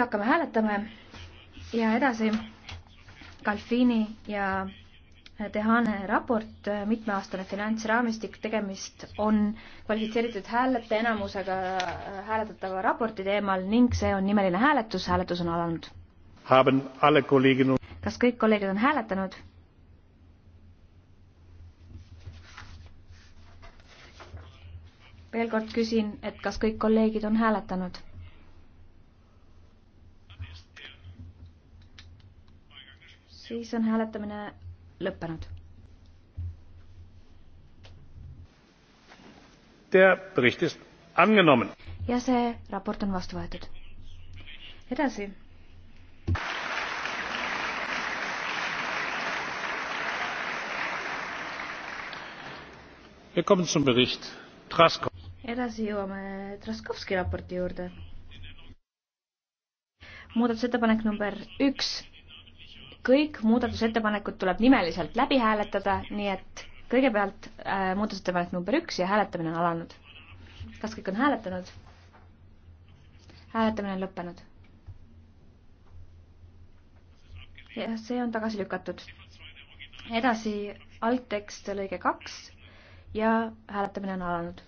nüüd hakkame hääletama ja edasi Galfini ja Tehane raport, mitmeaastane finantsraamistik, tegemist on kvalifitseeritud häälete enamusega hääletatava raporti teemal ning see on nimeline hääletus, hääletus on alanud. kas kõik kolleegid on hääletanud? veel kord küsin, et kas kõik kolleegid on hääletanud? siis on hääletamine lõppenud. ja see raport on vastu võetud. edasi. edasi jõuame Traskovski raporti juurde muudatusettepanek number üks kõik muudatusettepanekud tuleb nimeliselt läbi hääletada, nii et kõigepealt äh, muudatusettepanek number üks ja hääletamine on alanud. kas kõik on hääletanud? hääletamine on lõppenud. jah, see on tagasi lükatud. edasi alttekst lõige kaks ja hääletamine on alanud.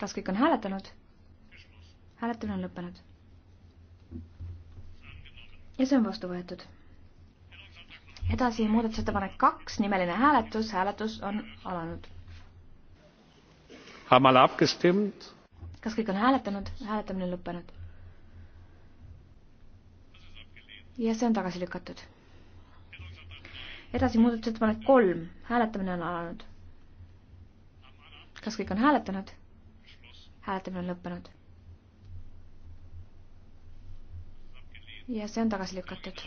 kas kõik on hääletanud? hääletamine on lõppenud ja see on vastu võetud. edasi muudatusettepanek kaks, nimeline hääletus, hääletus on alanud. kas kõik on hääletanud, hääletamine lõppenud? ja see on tagasi lükatud. edasi muudatusettepanek kolm, hääletamine on alanud. kas kõik on hääletanud? hääletamine on lõppenud ja see on tagasi lükatud.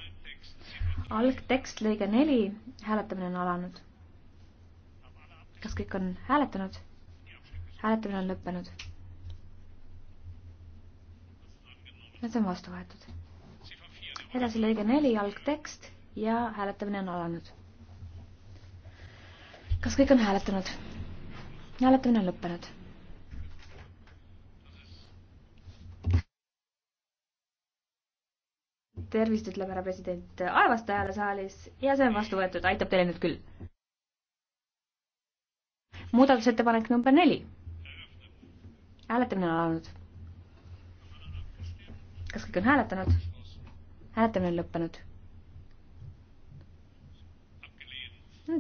algtekst lõige neli, hääletamine on alanud. kas kõik on hääletanud? hääletamine on lõppenud. see on vastu võetud. edasi lõige neli, algtekst ja hääletamine on alanud. kas kõik on hääletanud? hääletamine on lõppenud tervist ütleb härra president aevastajale saalis ja see on vastu võetud, aitab teile nüüd küll. muudatusettepanek number neli. hääletamine on alanud. kas kõik on hääletanud? hääletamine on lõppenud.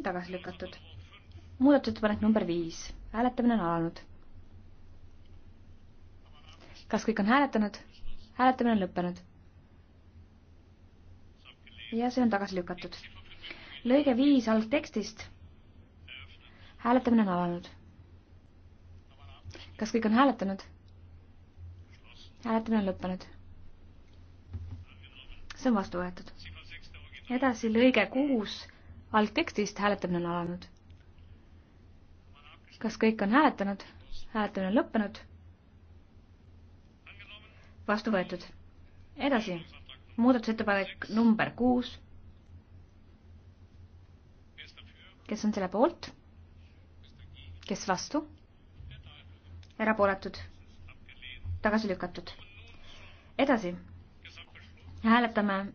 tagasi lükatud. muudatusettepanek number viis, hääletamine on alanud. kas kõik on hääletanud? hääletamine on lõppenud ja see on tagasi lükatud. lõige viis algtekstist. hääletamine on alanud. kas kõik on hääletanud? hääletamine on lõppenud. see on vastu võetud. edasi lõige kuus algtekstist hääletamine on alanud. kas kõik on hääletanud? hääletamine on lõppenud. vastu võetud. edasi muudatusettepanek number kuus. kes on selle poolt? kes vastu? erapooletud? tagasi lükatud. edasi. hääletame.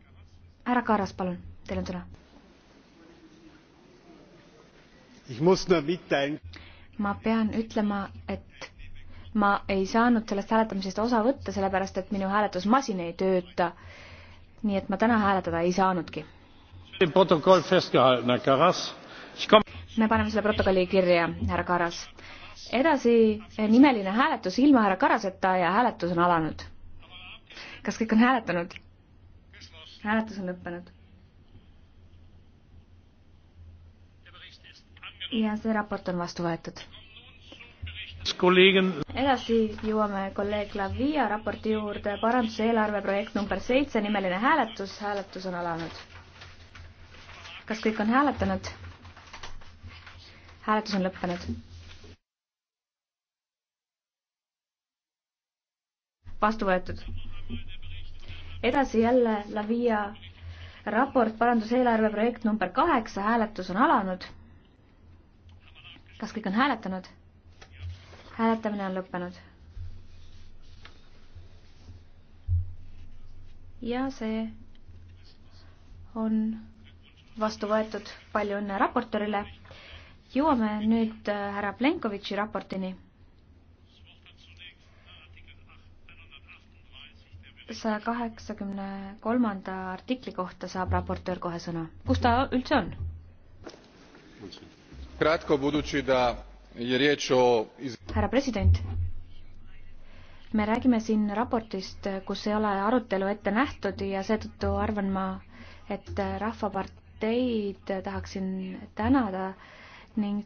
härra Kaaras, palun, teil on sõna. ma pean ütlema, et ma ei saanud sellest hääletamisest osa võtta, sellepärast et minu hääletusmasin ei tööta äh, nii et ma täna hääletada ei saanudki. me paneme selle protokolli kirja, härra Karas. edasi eh, nimeline hääletus ilma härra Karaseta ja hääletus on alanud. kas kõik on hääletanud? hääletus on lõppenud. ja see raport on vastu võetud edasi jõuame kolleeg Lavia raporti juurde, paranduse eelarve projekt number seitse, nimeline hääletus, hääletus on alanud. kas kõik on hääletanud? hääletus on lõppenud. vastu võetud. edasi jälle Lavia raport, paranduseelarve projekt number kaheksa, hääletus on alanud. kas kõik on hääletanud? hääletamine on lõppenud. ja see on vastu võetud. palju õnne raportörile. jõuame nüüd äh, härra Plenkovitši raportini. saja kaheksakümne kolmanda artikli kohta saab raportöör kohe sõna. kus ta üldse on? kratko budući da härra president, me räägime siin raportist, kus ei ole arutelu ette nähtud ja seetõttu arvan ma, et Rahvaparteid tahaksin tänada ning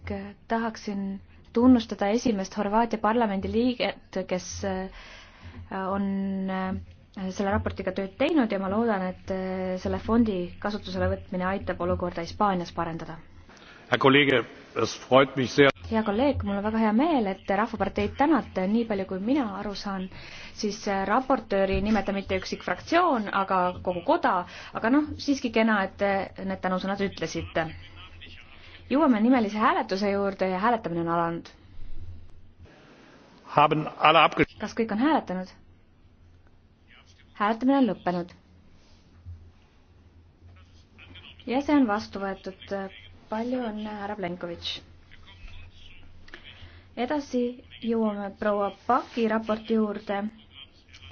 tahaksin tunnustada esimest Horvaatia parlamendi liiget, kes on selle raportiga tööd teinud ja ma loodan, et selle fondi kasutusele võtmine aitab olukorda Hispaanias parendada hea kolleeg, mul on väga hea meel, et Rahvaparteid tänate, nii palju kui mina aru saan, siis äh, raportööri ei nimeta mitte üksik fraktsioon, aga kogu koda, aga noh, siiski kena, et need tänusõnad ütlesite. jõuame nimelise hääletuse juurde ja hääletamine on alanud. kas kõik on hääletanud? hääletamine on lõppenud. ja see on vastu võetud. palju õnne, härra Plenkovitš! edasi jõuame proua Paki raporti juurde,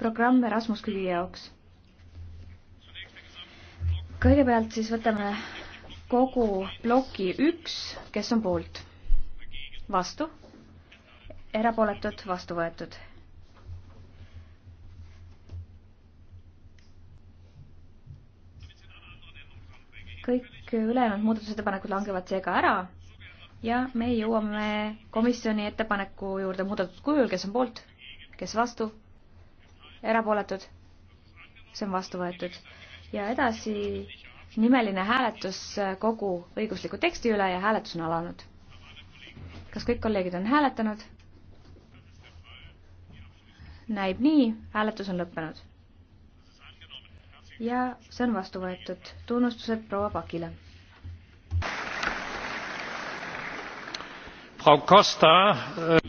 programm Erasmus kõigi jaoks. kõigepealt siis võtame kogu ploki üks, kes on poolt, vastu, erapooletud, vastu võetud kõik ülejäänud muudatusettepanekud langevad seega ära ja me jõuame komisjoni ettepaneku juurde muudetud kujul, kes on poolt, kes vastu, erapooletud, see on vastu võetud. ja edasi nimeline hääletus kogu õigusliku teksti üle ja hääletus on alanud. kas kõik kolleegid on hääletanud? näib nii, hääletus on lõppenud. ja see on vastu võetud. tunnustused proua Pakile Äh,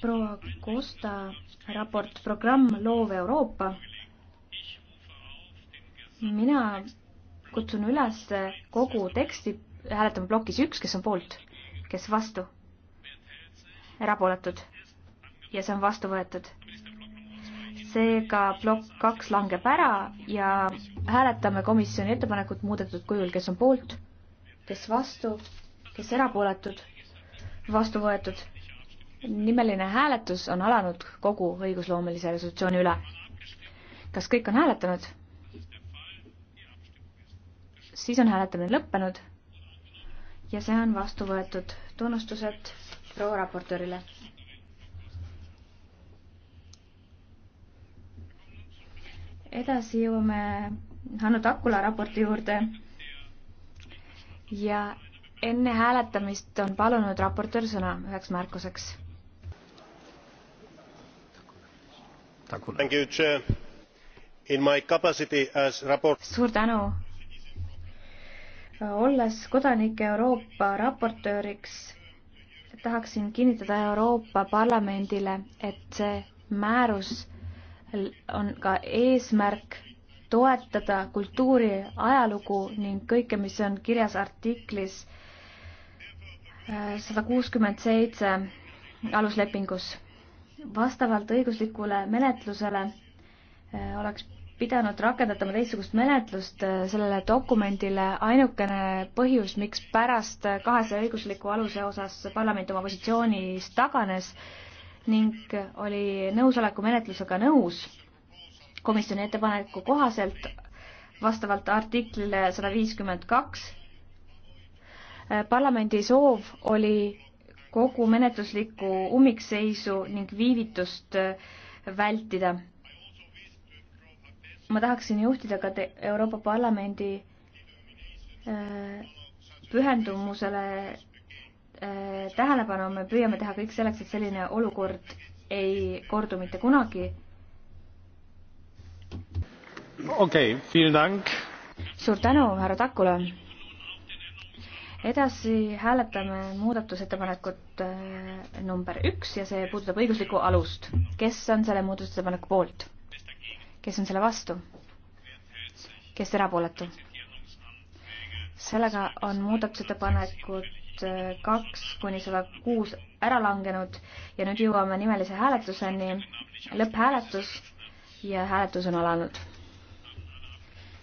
proua Costa raport Programm Loov Euroopa. mina kutsun üles kogu teksti hääletama plokis üks, kes on poolt, kes vastu, erapooletud ja see on vastu võetud. seega plokk kaks langeb ära ja hääletame komisjoni ettepanekut muudetud kujul, kes on poolt, kes vastu, kes erapooletud vastu võetud. nimeline hääletus on alanud kogu õigusloomelise resolutsiooni üle. kas kõik on hääletanud? siis on hääletamine lõppenud ja see on vastu võetud. tunnustused proua raportöörile. edasi jõuame Hanno Takula raporti juurde ja enne hääletamist on palunud raportöör sõna üheks märkuseks. suur tänu. olles kodanike Euroopa raportööriks, tahaksin kinnitada Euroopa Parlamendile, et see määrus on ka eesmärk toetada kultuuri, ajalugu ning kõike, mis on kirjas artiklis sada kuuskümmend seitse aluslepingus. vastavalt õiguslikule menetlusele äh, oleks pidanud rakendatama teistsugust menetlust äh, sellele dokumendile. ainukene põhjus, miks pärast kahesaja õigusliku aluse osas parlament oma positsioonist taganes ning oli nõusoleku menetlusega nõus komisjoni ettepaneku kohaselt vastavalt artiklile sada viiskümmend kaks Äh, parlamendi soov oli kogu menetluslikku ummikseisu ning viivitust äh, vältida. ma tahaksin juhtida ka te Euroopa Parlamendi äh, pühendumusele tähelepanu, me püüame teha kõik selleks, et selline olukord ei kordu mitte kunagi. okei okay,, suur tänu, härra Takula edasi hääletame muudatusettepanekut äh, number üks ja see puudutab õiguslikku alust. kes on selle muudatusettepaneku poolt? kes on selle vastu? kes erapooletu? sellega on muudatusettepanekud äh, kaks kuni sada kuus ära langenud ja nüüd jõuame nimelise hääletuseni. lõpphääletus ja hääletus on alanud.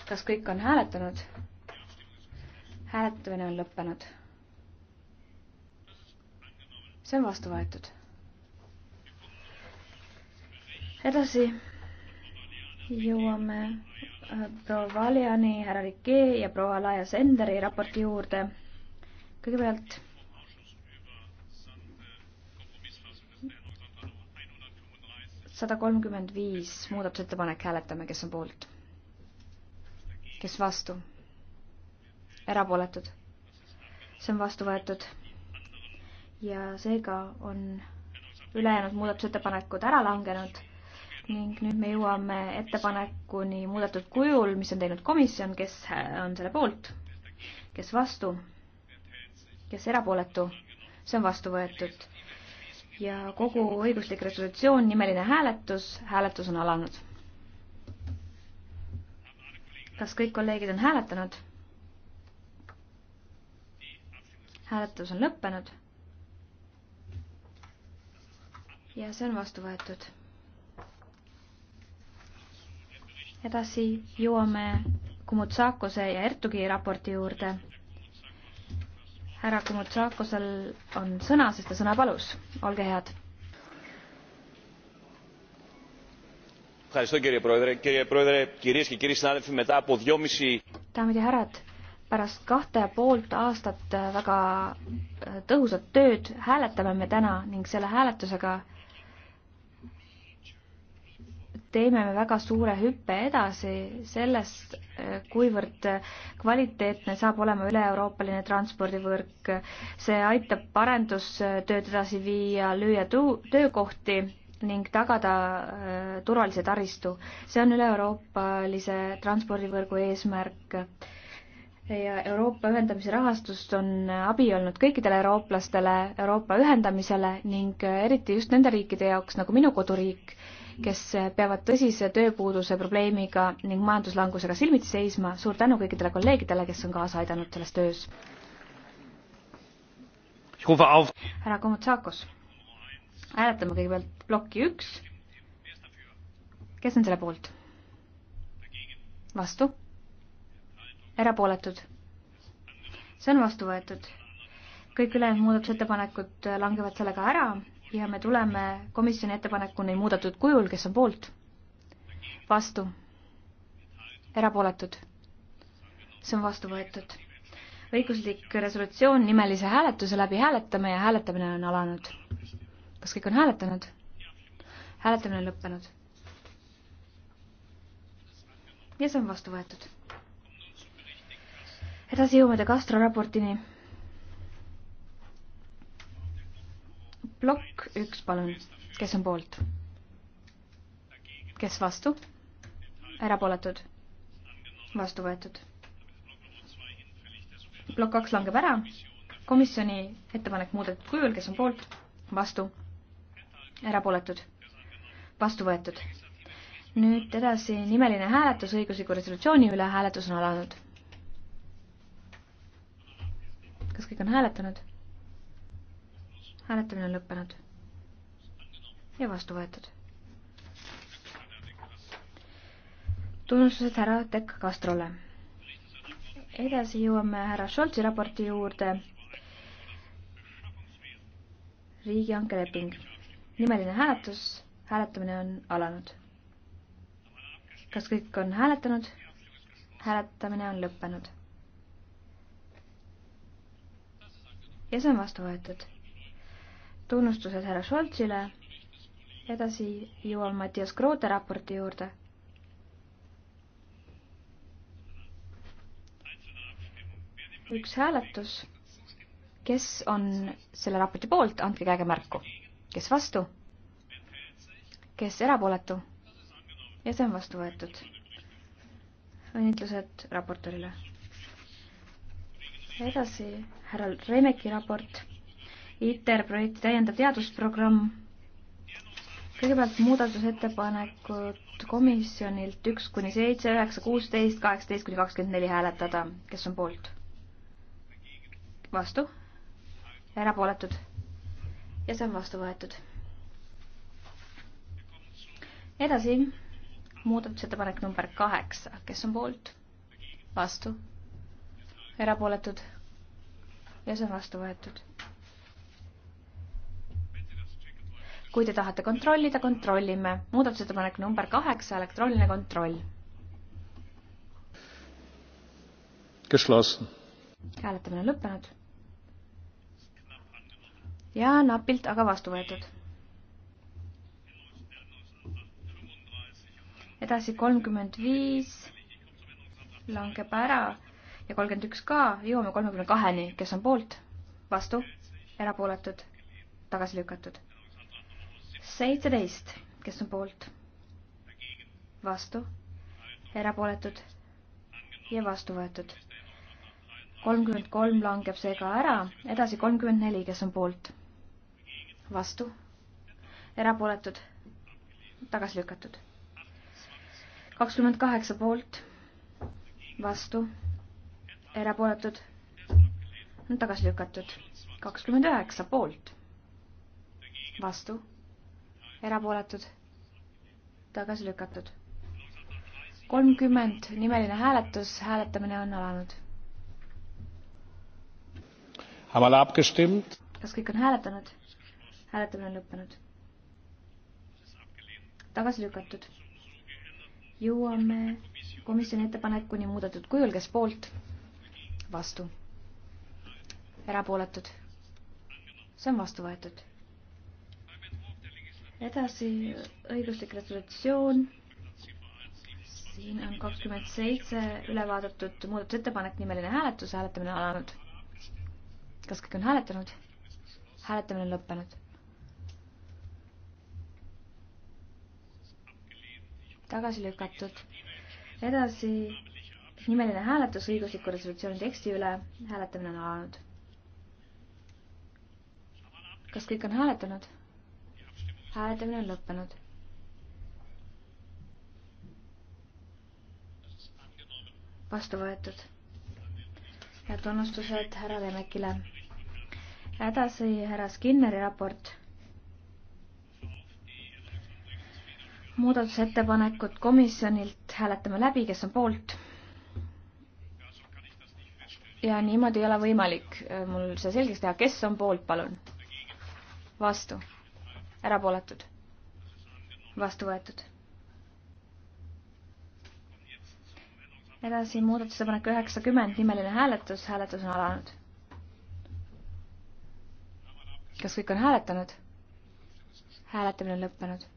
kas kõik on hääletanud? hääletamine on lõppenud. see on vastu võetud. edasi jõuame äh, proua Valjani, härra Rikee ja proua Laia Senderi raporti juurde. kõigepealt sada kolmkümmend viis muudatusettepanek, hääletame, kes on poolt. kes vastu erapooletud. see on vastu võetud. ja seega on ülejäänud muudatusettepanekud ära langenud ning nüüd me jõuame ettepanekuni muudetud kujul, mis on teinud komisjon, kes on selle poolt, kes vastu, kes erapooletu, see on vastu võetud. ja kogu õiguslik resolutsioon, nimeline hääletus, hääletus on alanud. kas kõik kolleegid on hääletanud? hääletus on lõppenud. ja see on vastu võetud. edasi jõuame Kumutsakose ja Ertugi raporti juurde. härra Kumutsakosel on sõna, sest ta sõna palus. olge head Daamid ja härrad, pärast kahte ja poolt aastat väga äh, tõhusat tööd hääletame me täna ning selle hääletusega teeme me väga suure hüppe edasi sellest, äh, kuivõrd kvaliteetne saab olema üle-euroopaline transpordivõrk. see aitab parendustööd edasi viia, lüüa töökohti ning tagada äh, turvalise taristu. see on üle-euroopalise transpordivõrgu eesmärk ja Euroopa ühendamise rahastust on abi olnud kõikidele eurooplastele Euroopa ühendamisele ning eriti just nende riikide jaoks nagu minu koduriik, kes peavad tõsise tööpuuduse probleemiga ning majanduslangusega silmitsi seisma. suur tänu kõikidele kolleegidele, kes on kaasa aidanud selles töös. härra Komotsakos, hääletame kõigepealt plokki üks. kes on selle poolt? vastu erapooletud. see on vastu võetud. kõik ülejäänud muudatusettepanekud langevad sellega ära ja me tuleme komisjoni ettepanekuni muudetud kujul, kes on poolt, vastu, erapooletud. see on vastu võetud. õiguslik resolutsioon nimelise hääletuse läbi hääletame ja hääletamine on alanud. kas kõik on hääletanud? hääletamine on lõppenud. ja see on vastu võetud edasi jõuame De Castro raportini. plokk üks, palun, kes on poolt? kes vastu? erapooletud? vastu võetud. plokk kaks langeb ära. komisjoni ettepanek muudetud kujul, kes on poolt? vastu? erapooletud? vastu võetud. nüüd edasi nimeline hääletus õigusliku resolutsiooni üle, hääletus on alanud kõik on hääletanud. hääletamine on lõppenud ja vastu võetud. tunnustused härra Tech Castrole. edasi jõuame härra Scholzi raporti juurde. riigihanke leping, nimeline hääletus, hääletamine on alanud. kas kõik on hääletanud? hääletamine on lõppenud ja see on vastu võetud. tunnustused härra Šoltsile. edasi jõuan Mattias Kroote raporti juurde. üks hääletus. kes on selle raporti poolt, andke käega märku. kes vastu? kes erapooletu? ja see on vastu võetud. õnnitlused raportorile edasi härra Remeki raport, ITER projekti täiendav teadusprogramm. kõigepealt muudatusettepanekud komisjonilt üks kuni seitse, üheksa, kuusteist, kaheksateist kuni kakskümmend neli hääletada, kes on poolt? vastu? erapooletud? ja see on vastu võetud. edasi, muudatusettepanek number kaheksa, kes on poolt? vastu? erapooletud ja see on vastu võetud. kui te tahate kontrollida, kontrollime. muudatusettepanek number kaheksa, elektrooniline kontroll. hääletamine on lõppenud. ja napilt, aga vastu võetud edasi kolmkümmend viis langeb ära ja kolmkümmend üks ka, jõuame kolmekümne kaheni, kes on poolt, vastu, erapooletud, tagasi lükatud. seitseteist, kes on poolt, vastu, erapooletud ja vastu võetud. kolmkümmend kolm langeb seega ära, edasi kolmkümmend neli, kes on poolt, vastu, erapooletud, tagasi lükatud. kakskümmend kaheksa poolt, vastu erapooletud, on tagasi lükatud. kakskümmend üheksa poolt, vastu, erapooletud, tagasi lükatud. kolmkümmend nimeline hääletus, hääletamine on alanud. kas kõik on hääletanud? hääletamine on lõppenud. tagasi lükatud. jõuame komisjoni ettepanekuni muudetud kujul, kes poolt vastu? erapooletud? see on vastu võetud. edasi õiguslik resolutsioon. siin on kakskümmend seitse üle vaadatud muudatusettepanek, nimeline hääletus, hääletamine on alanud. kas kõik on hääletanud? hääletamine on lõppenud. tagasi lükatud. edasi nimeline hääletus õigusliku resolutsiooni teksti üle. hääletamine on alanud. kas kõik on hääletanud? hääletamine on lõppenud. vastu võetud. ja tunnustused härra Lemekile. edasi härra Skinneri raport muudatusettepanekud komisjonilt hääletame läbi, kes on poolt, ja niimoodi ei ole võimalik äh, mul see selgeks teha, kes on poolt, palun. vastu. erapooletud. vastu võetud. edasi muudatusettepanek üheksakümmend, nimeline hääletus, hääletus on alanud. kas kõik on hääletanud? hääletamine on lõppenud.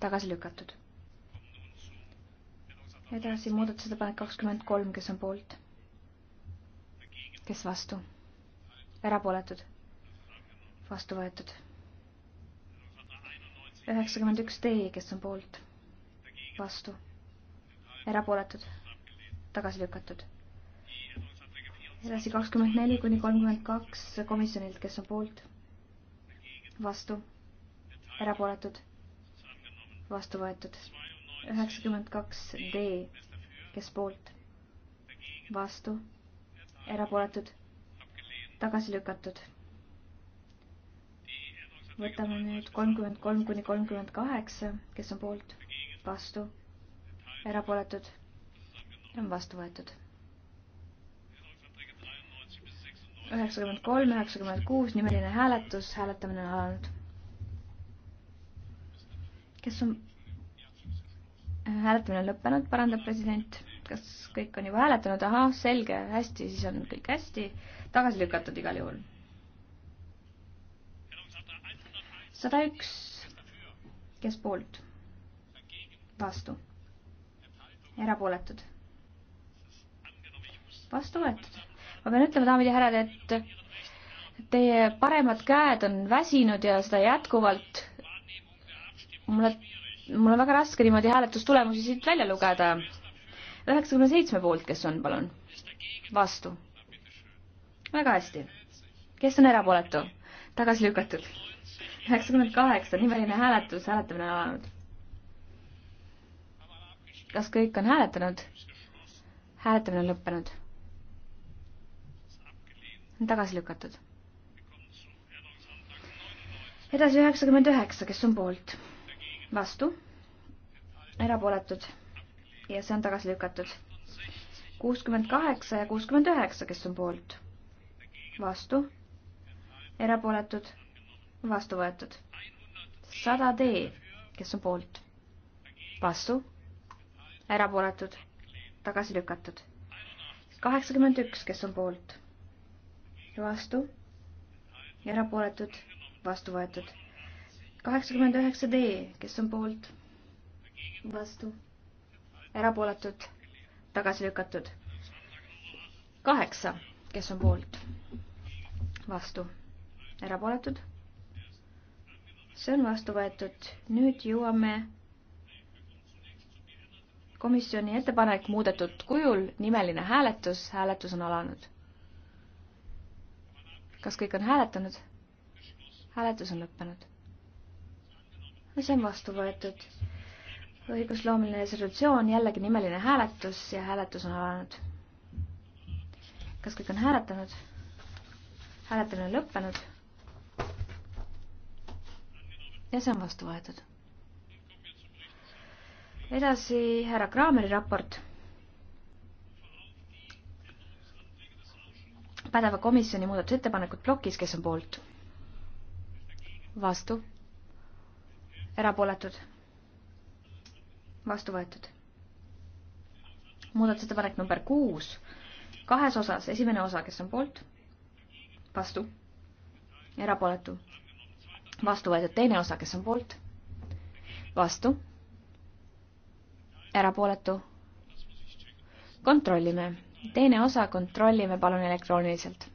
tagasi lükatud edasi muudatusettepanek kakskümmend kolm, kes on poolt? kes vastu? erapooletud? vastu võetud. üheksakümmend üks D, kes on poolt? vastu? erapooletud? tagasi lükatud? edasi kakskümmend neli kuni kolmkümmend kaks komisjonilt, kes on poolt? vastu? erapooletud? vastu võetud? üheksakümmend kaks D, kes poolt, vastu, erapooletud, tagasi lükatud. võtame nüüd kolmkümmend kolm kuni kolmkümmend kaheksa, kes on poolt, vastu, erapooletud, on vastu võetud. üheksakümmend kolm, üheksakümmend kuus, nimeline hääletus, hääletamine on alanud. kes on hääletamine on lõppenud, parandab president. kas kõik on juba hääletanud? ahah, selge, hästi, siis on kõik hästi. tagasi lükatud igal juhul. sada üks, kes poolt? vastu. erapooletud. vastu võetud. ma pean ütlema, daamid ja härrad, et teie paremad käed on väsinud ja seda jätkuvalt. mulle mul on väga raske niimoodi hääletustulemusi siit välja lugeda. üheksakümne seitsme poolt, kes on, palun? vastu. väga hästi. kes on erapooletu? tagasi lükatud. üheksakümmend kaheksa, nimeline hääletus, hääletamine on alanud. kas kõik on hääletanud? hääletamine on lõppenud. tagasi lükatud. edasi üheksakümmend üheksa, kes on poolt? vastu, erapooletud ja see on tagasi lükatud. kuuskümmend kaheksa ja kuuskümmend üheksa, kes on poolt, vastu, erapooletud, vastu võetud. sada D, kes on poolt, vastu, erapooletud, tagasi lükatud. kaheksakümmend üks, kes on poolt, vastu erapooletud, vastu võetud kaheksakümmend üheksa D, kes on poolt? vastu. erapooletud? tagasi lükatud. kaheksa, kes on poolt? vastu. erapooletud? see on vastu võetud. nüüd jõuame komisjoni ettepanek muudetud kujul, nimeline hääletus, hääletus on alanud. kas kõik on hääletanud? hääletus on lõppenud see on vastu võetud. õigusloomeline resolutsioon, jällegi nimeline hääletus ja hääletus on alanud. kas kõik on hääletanud? hääletamine on lõppenud. ja see on vastu võetud. edasi härra Kraameri raport pädeva komisjoni muudatusettepanekud plokis, kes on poolt? vastu? erapooletud, vastu võetud. muudatusettepanek number kuus, kahes osas, esimene osa, kes on poolt, vastu, erapooletu, vastu võetud, teine osa, kes on poolt, vastu, erapooletu, kontrollime, teine osa kontrollime palun elektrooniliselt.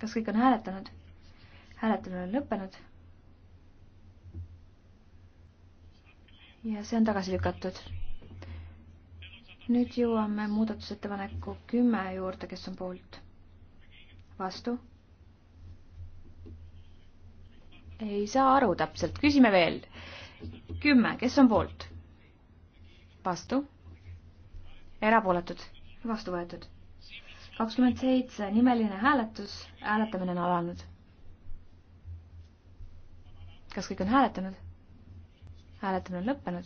kas kõik on hääletanud? hääletamine on lõppenud ja see on tagasi lükatud. nüüd jõuame muudatusettepaneku kümme juurde, kes on poolt? vastu? ei saa aru täpselt, küsime veel. kümme, kes on poolt? vastu? erapooletud? vastu võetud? kakskümmend seitse, nimeline hääletus, hääletamine on alanud. kas kõik on hääletanud? hääletamine on lõppenud.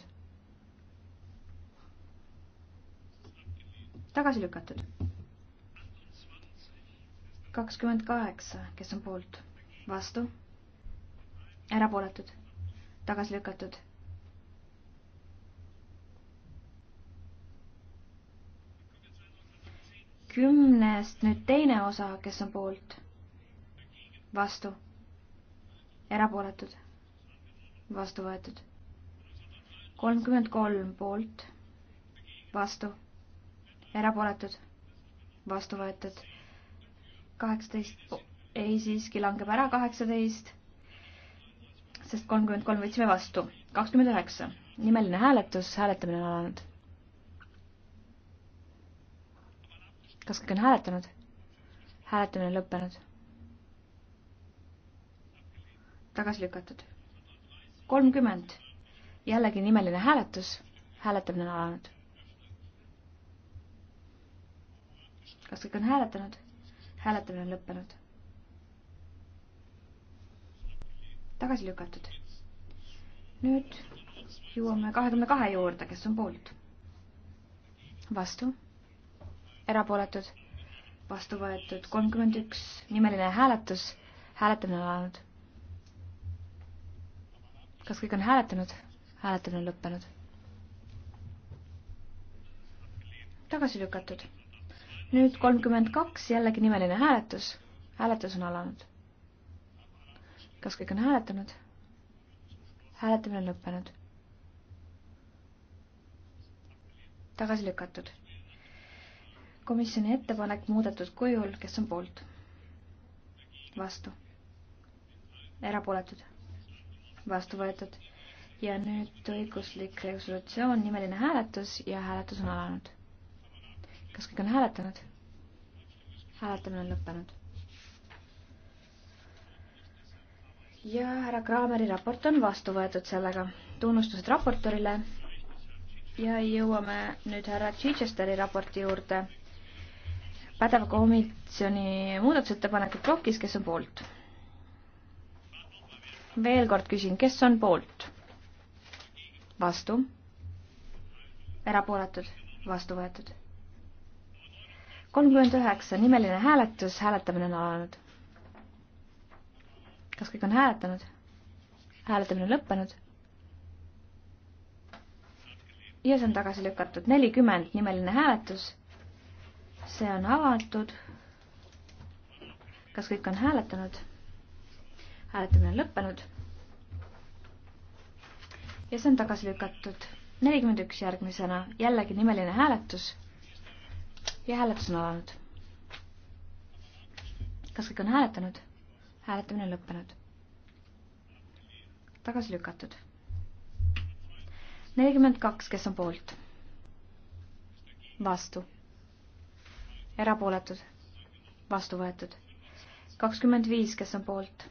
tagasi lükatud. kakskümmend kaheksa, kes on poolt, vastu, erapooletud, tagasi lükatud kümnest nüüd teine osa, kes on poolt, vastu, erapooletud, vastu võetud kolmkümmend kolm poolt, vastu, erapooletud, vastu võetud. kaheksateist, ei siiski langeb ära kaheksateist, sest kolmkümmend kolm võtsime vastu. kakskümmend üheksa, nimeline hääletus, hääletamine on alanud. kas kõik on hääletanud? hääletamine on lõppenud. tagasi lükatud. kolmkümmend jällegi nimeline hääletus, hääletamine on alanud. kas kõik on hääletanud? hääletamine on lõppenud. tagasi lükatud. nüüd jõuame kahekümne kahe juurde, kes on poolt? vastu? erapooletud? vastu võetud kolmkümmend üks, nimeline hääletus, hääletamine on alanud. kas kõik on hääletanud? hääletamine lõppenud. tagasi lükatud. nüüd kolmkümmend kaks, jällegi nimeline hääletus. hääletus on alanud. kas kõik on hääletanud? hääletamine on lõppenud. tagasi lükatud. komisjoni ettepanek muudetud kujul, kes on poolt? vastu. erapooletud? vastu võetud ja nüüd õiguslik resolutsioon, nimeline hääletus ja hääletus on alanud. kas kõik on hääletanud? hääletamine on lõppenud. ja härra Kraameri raport on vastu võetud sellega. tunnustused raportorile ja jõuame nüüd härra Chichesteri raporti juurde. pädeva komisjoni muudatusettepanekud plokis, kes on poolt? veel kord küsin, kes on poolt? vastu, erapooletud, vastu võetud. kolmkümmend üheksa, nimeline hääletus, hääletamine on alanud. kas kõik on hääletanud? hääletamine on lõppenud. ja see on tagasi lükatud, nelikümmend, nimeline hääletus. see on avatud. kas kõik on hääletanud? hääletamine on lõppenud ja see on tagasi lükatud. nelikümmend üks järgmisena, jällegi nimeline hääletus. ja hääletus on alanud. kas kõik on hääletanud? hääletamine on lõppenud. tagasi lükatud. nelikümmend kaks, kes on poolt? vastu. erapooletud? vastu võetud. kakskümmend viis, kes on poolt?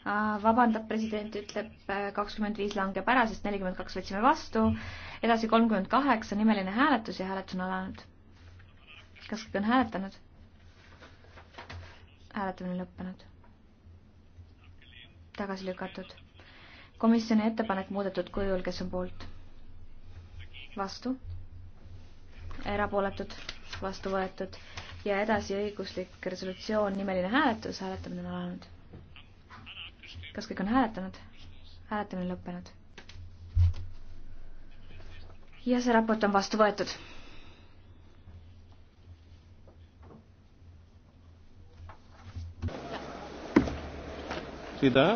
Äh, vabandab president, ütleb äh, kakskümmend viis langeb ära, sest nelikümmend kaks võtsime vastu. edasi kolmkümmend kaheksa, nimeline hääletus ja hääletus on alanud. kas kõik on hääletanud? hääletamine lõppenud. tagasi lükatud. komisjoni ettepanek muudetud kujul, kes on poolt? vastu? erapooletud? vastu võetud? ja edasi õiguslik resolutsioon, nimeline hääletus, hääletamine on alanud kas kõik on hääletanud? hääletamine lõppenud. ja see raport on vastu võetud. Seda?